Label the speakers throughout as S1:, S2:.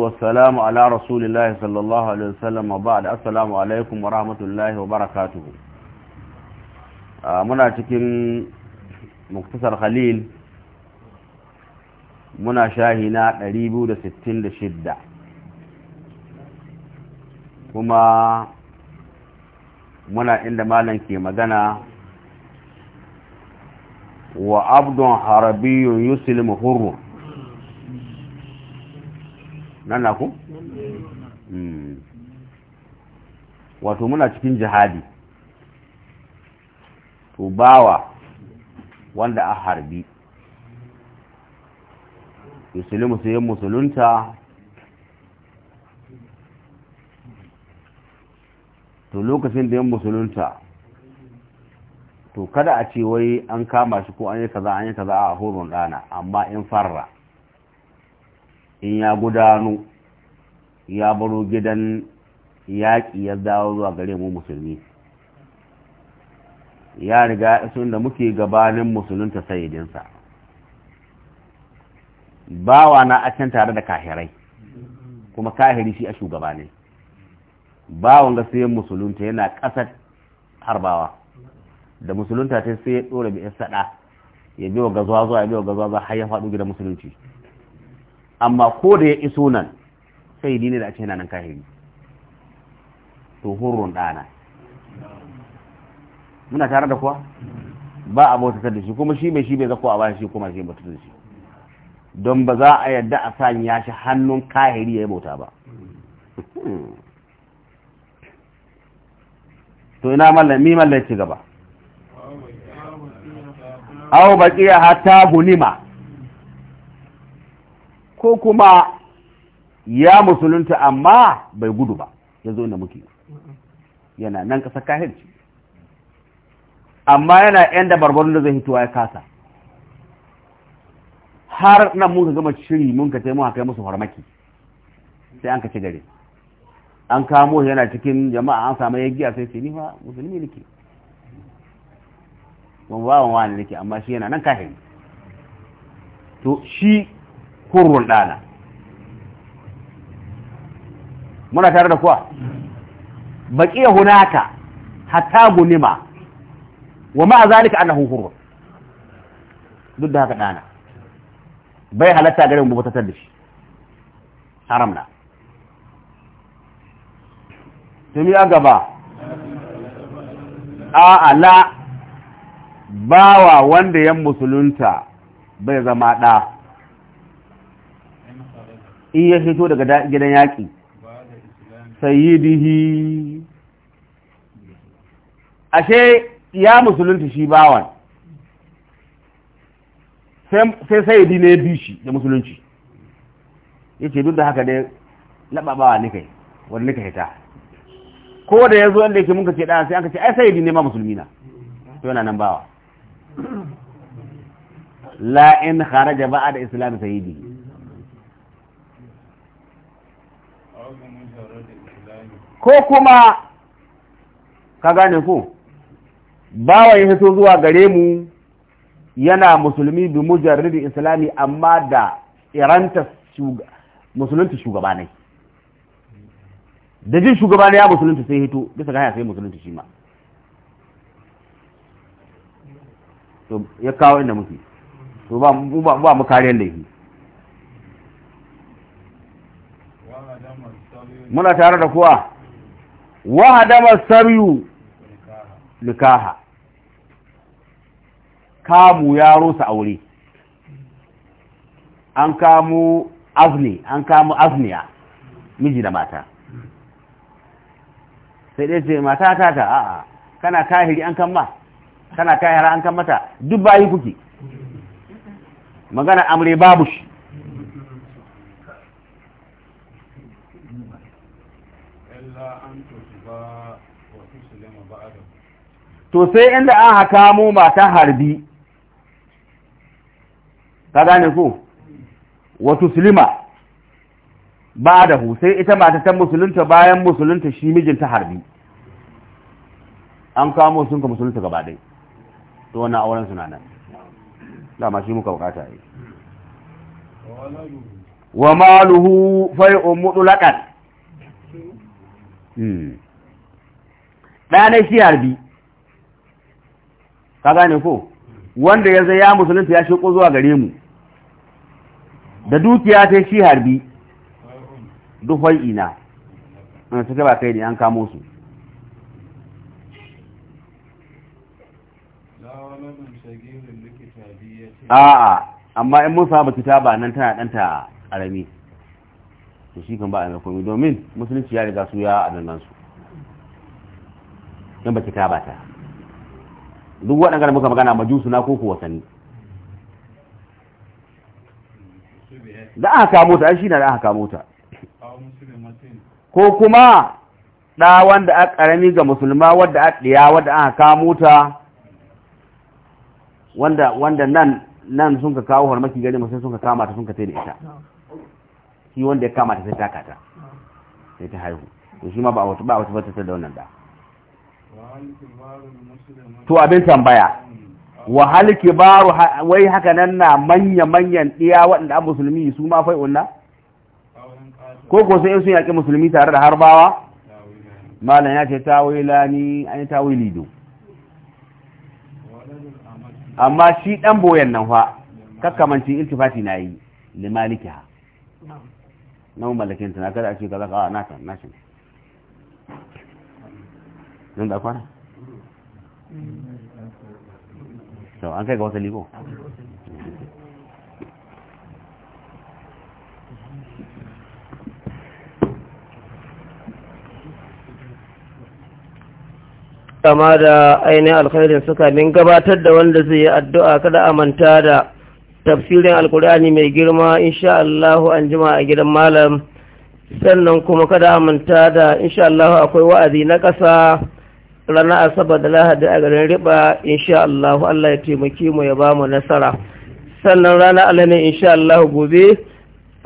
S1: والسلام على رسول الله صلى الله عليه وسلم وبعد السلام عليكم ورحمة الله وبركاته منا تكن مختصر خليل منا شاهنا قريبو دا ستين دا شدة كما منا عند مالن كي مدنا وعبد عربي يسلم حرم nan na ku? Hmm. wato muna cikin jihadi to bawa wanda a harbi musulmi su musulunta to lokacin da yin musulunta to kada a ce wai an kama shi ko an yi kaza an yi kaza a horon rana amma in farra in ya gudano ya baro gidan yaƙi ya dawo zuwa gare mu musulmi ya riga sun da muke gabanin musulunta sayidinsa bawa na a can tare da kahirai kuma kahiri shi a shugaba ne. bawan ga sayan musulunta yana ƙasar harbawa da musulunta ta sai ya ɗora bi ya saɗa ya biyo ga zuwa zuwa ya biyo ga zuwa har ya faɗo gidan musulunci amma ko da ya iso nan sai dini da ake yana nan kahiri to hurrun ɗana muna tare da kuwa ba a bautatar da shi kuma shi mai shi mai zako a bayan shi kuma shi bautatar da shi don ba za a yadda a sanya shi hannun kahiri ya yi bauta ba to ina mallami mallai ci gaba aw baqiya hatta gunima. ko kuma ya musulunta amma bai gudu ba ya zo inda muke yana nan ƙasa kahirci amma yana yan dabarbarun da zai hitowa ya kasa har nan mun ka gama shiri mun ka taimaka kai musu farmaki sai an ka ci gare an kamo yana cikin jama'a an samu yagiya sai ce ni fa musulmi nake ban ba wani nake amma shi yana nan kahiri to shi kurrun ɗana muna tare da kuwa ya hunaka hatta gunima wa ma'a zalika annahu hurrun duk da haka ɗana bai halatta gare mu bautatar da shi haram na tumi a gaba a ala bawa wanda yan musulunta bai zama ɗa in ya hito daga gidan yaƙi sayyidihi ashe ya musulunta shi bawan sai sayyidi ne bi shi da musulunci ya ce duk da haka dai laɓaɓawa ne kai wani nika hita ko da ya zo yadda yake muka ce ɗaya sai an ka ce ai sayyidi ne ma musulmi na to yana nan bawa la in kharaja ba'a da islam sayyidi ko kuma ka gane ku bawan ya fito zuwa gare mu yana musulmi bi mujarridi islami amma da iranta musulunta shugaba ne da jin shugaba ne ya musulunta sai hito bisa ga sai musulunta shi ma to ya kawo inda muke to ba ba mu kariyar laifi muna tare da kuwa. wahadama sabiyu nikaha kamu ya rusa aure an kamu azni an kamu azniya miji da mata sai dai ce mata ta ta a'a kana kahiri an kan ma kana kahira an kan mata duk bayi kuke magana amre babu shi to sai inda an haka mu ta harbi ka gane ko wa da hu sai ita mata ta musulunta bayan musulunta shi mijinta harbi an kamo sun ka musulunta gaba dai to wannan auren suna nan dama shi muka bukata yi wa maluhu fai'un mutlaqan Hmm. ɗanai shi harbi ka gane ko wanda ya zai ya musulunta ya shiko zuwa gare mu da dukiya ta shi harbi duhon ina wanda suka ba kai ne an kamo su a'a amma in mun ta kitaba nan tana ɗanta ƙarami to shi kan ba a komai domin musulunci ya riga su ya adannan su yan baki ta ba ta duk waɗanda muka magana majusu na koko wasanni da aka kamo ta shi na da aka kamo ta ko kuma da wanda a karami ga musulma wadda a ɗiya wadda aka kamo ta wanda nan nan sun ka kawo harmaki gari masu sun ka kama ta sun ka tai da ita shi wanda ya kama ta sai ta kata sai ta haihu to shi ma ba wata ba wata ta da wannan da to abin tambaya wa hal kibaru wai haka nan na manya manyan diya waɗanda an musulmi su ma fai unna ko ko sai sun yaƙi musulmi tare da harbawa malam ya ce tawilani an tawili do amma shi dan boyan nan fa kakkamanci iltifati na yi limalikiha na mallakin ta na kada ake ce kaza ka na kan na shi da kwana to an kai ga wata ligo
S2: kama da ainihin alkhairin suka min gabatar da wanda zai yi addu'a kada a manta da tafsirin alkur'ani mai girma insha Allahu an jima a gidan malam sannan kuma kada manta da insha Allahu akwai wa'azi na ƙasa ranar asabar da lahadi a garin riba insha Allahu Allah ya taimake mu ya ba mu nasara sannan ranar alhamin insha Allahu gobe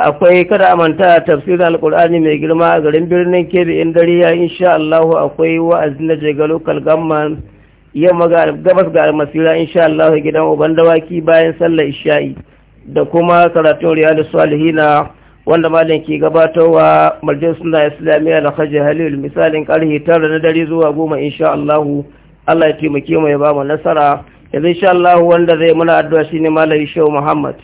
S2: akwai kada manta tafsirin alkur'ani mai girma a garin birnin kebe in dare ya insha Allahu akwai wa'azi na jegalo kalgamman yau ga gabas ga in insha Allah gidan uban dawaki bayan sallar isha'i da kuma karatun da salihina wanda malam ke gabatarwa marjin suna islamiyya da hajji halil misalin karhe tara na dare zuwa goma insha Allah Allah ya taimake mu ya ba mu nasara yanzu insha Allah wanda zai muna addu'a shine malam Shehu Muhammad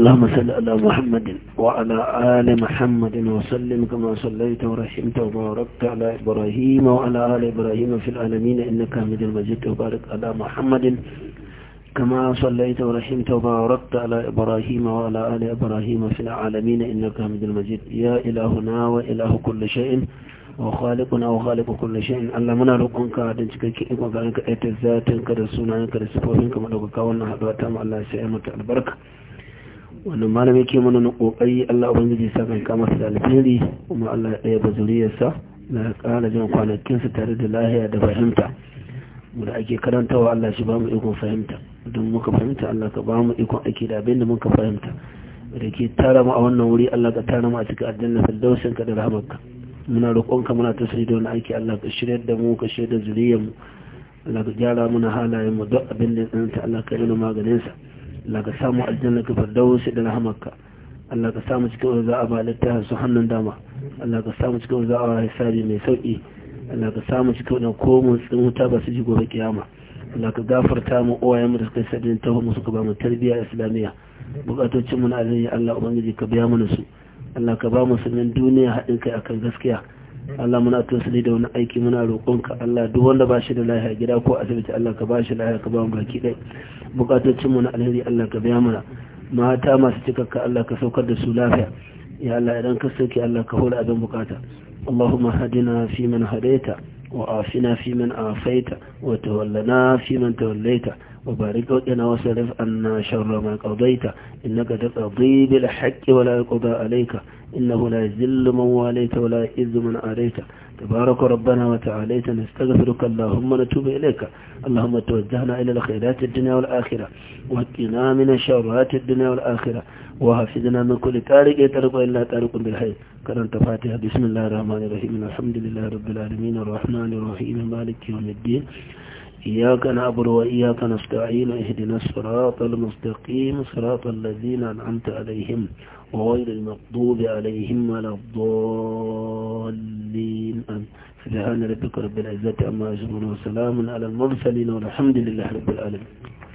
S1: اللهم صل على محمد
S2: وعلى آل محمد وسلم كما صليت ورحمت وباركت على إبراهيم وعلى آل إبراهيم في العالمين إنك حميد مجيد وبارك على محمد كما صليت ورحمت وباركت على إبراهيم وعلى آل إبراهيم في العالمين إنك حميد مجيد يا إلهنا وإله كل شيء وخالقنا وخالق كل شيء الله منا roƙonka don cikakken ikon ganin ka ɗaya ta zatin ka da sunayen ka da sifofin ka madauka wannan haɗuwa ta mu Allah sai ya mata albarka wannan malami ke mana na kokari Allah ubangiji sa kan kama su da alheri kuma Allah ya ɗaya ba zuriyarsa na ƙara jin kwanakinsa tare da lahiya da fahimta da ake karantawa Allah shi ba mu ikon fahimta don muka fahimta Allah ka ba mu ikon ake da abin da muka fahimta da ke tara mu a wannan wuri Allah ka tara mu a cikin addinin firdausin ka da rahamarka muna roƙonka muna tasiri da aiki Allah ka shirya da mu ka shirya da zuriyarmu Allah ka gyara muna halayen mu duk abin da ya tsananta Allah ka yi maganin sa Allah ka samu aljanna ka firdaus da rahamarka Allah ka samu cikin wanda za a ba littafin su hannun dama Allah ka samu cikin wanda za a hisabi mai sauki Allah ka samu cikin wanda ko mun tsin wuta ba su ji gobe kiyama Allah ka gafarta mu uwayen mu da suka sadin tawo mu suka ba mu tarbiyya islamiyya bukatocin mu na azumi Allah ubangiji ka biya mana su Allah ka ba musulmin duniya haɗin kai akan gaskiya Allah muna tosali da wani aiki muna roƙonka Allah duk wanda ba shi da lahiya gida ko asibiti Allah ka ba shi lahiya ka ba mu baki ɗai bukatocin mu na alheri Allah ka biya mana mata masu cikakka Allah ka saukar da su lafiya ya Allah idan ka sauke Allah ka hura abin bukata Allahumma hadina fi man hadaita وآفنا في من آفيت وتولنا في من توليت وبارك لنا وصرف عنا شر ما قضيت إنك تقضي بالحق ولا يقضى عليك إنه لا يذل من واليت ولا يئذ من آليت تبارك ربنا وتعاليت نستغفرك اللهم نتوب إليك اللهم توجهنا إلى الخيرات الدنيا والآخرة وقنا من شرات الدنيا والآخرة وحفظنا من كل تارك يترك إلا تارك بالخير كرنت فاتحة بسم الله الرحمن الرحيم الحمد لله رب العالمين الرحمن الرحيم مالك يوم الدين إياك نعبد وإياك نستعين اهدنا الصراط المستقيم صراط الذين أنعمت عليهم وغير المغضوب عليهم ولا الضالين سبحان ربك رب العزة أما يصفون وسلام على المرسلين والحمد لله رب العالمين